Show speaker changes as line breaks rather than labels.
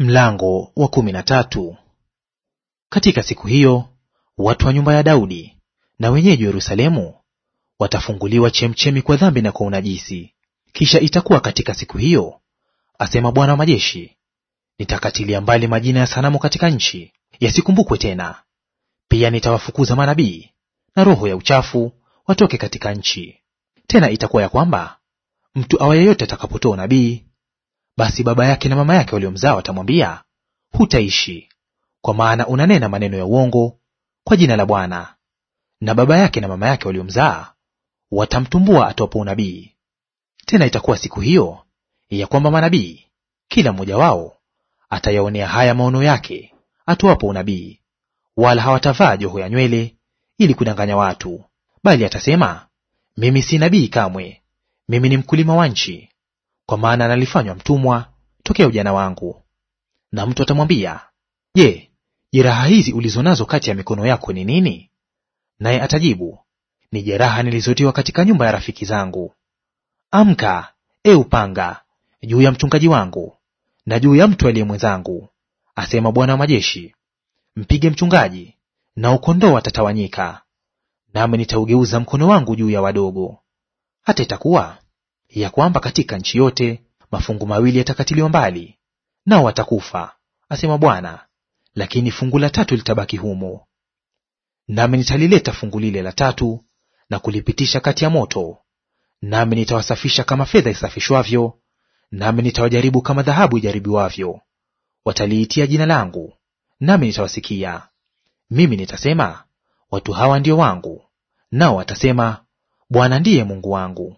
Mlango wa kumi na tatu. Katika siku hiyo watu wa nyumba ya Daudi na wenyeji wa Yerusalemu watafunguliwa chemchemi kwa dhambi na kwa unajisi. Kisha itakuwa katika siku hiyo, asema Bwana wa majeshi, nitakatilia mbali majina ya sanamu katika nchi, yasikumbukwe tena. Pia nitawafukuza manabii na roho ya uchafu watoke katika nchi. Tena itakuwa ya kwamba mtu awa yeyote atakapotoa nabii basi baba yake na mama yake waliomzaa watamwambia, hutaishi, kwa maana unanena maneno ya uongo kwa jina la Bwana. Na baba yake na mama yake waliomzaa watamtumbua atoapo unabii. Tena itakuwa siku hiyo ya kwamba manabii kila mmoja wao atayaonea haya maono yake atoapo unabii, wala hawatavaa joho ya nywele ili kudanganya watu, bali atasema, mimi si nabii kamwe, mimi ni mkulima wa nchi kwa maana nalifanywa mtumwa tokea ujana wangu. Na mtu atamwambia, Je, jeraha hizi ulizo nazo kati ya mikono yako ni nini? Naye atajibu, ni jeraha nilizotiwa katika nyumba ya rafiki zangu. Amka, e upanga, juu ya mchungaji wangu na juu ya mtu aliye mwenzangu, asema Bwana wa majeshi. Mpige mchungaji, na ukondoo atatawanyika, nami nitaugeuza mkono wangu juu ya wadogo. Hata itakuwa ya kwamba katika nchi yote mafungu mawili yatakatiliwa mbali, nao watakufa, asema Bwana, lakini fungu la tatu litabaki humo. Nami nitalileta fungu lile la tatu na kulipitisha kati ya moto, nami nitawasafisha kama fedha isafishwavyo, nami nitawajaribu kama dhahabu ijaribiwavyo. Wataliitia jina langu, nami nitawasikia. Mimi nitasema, watu hawa ndio wangu, nao watasema, Bwana ndiye Mungu wangu.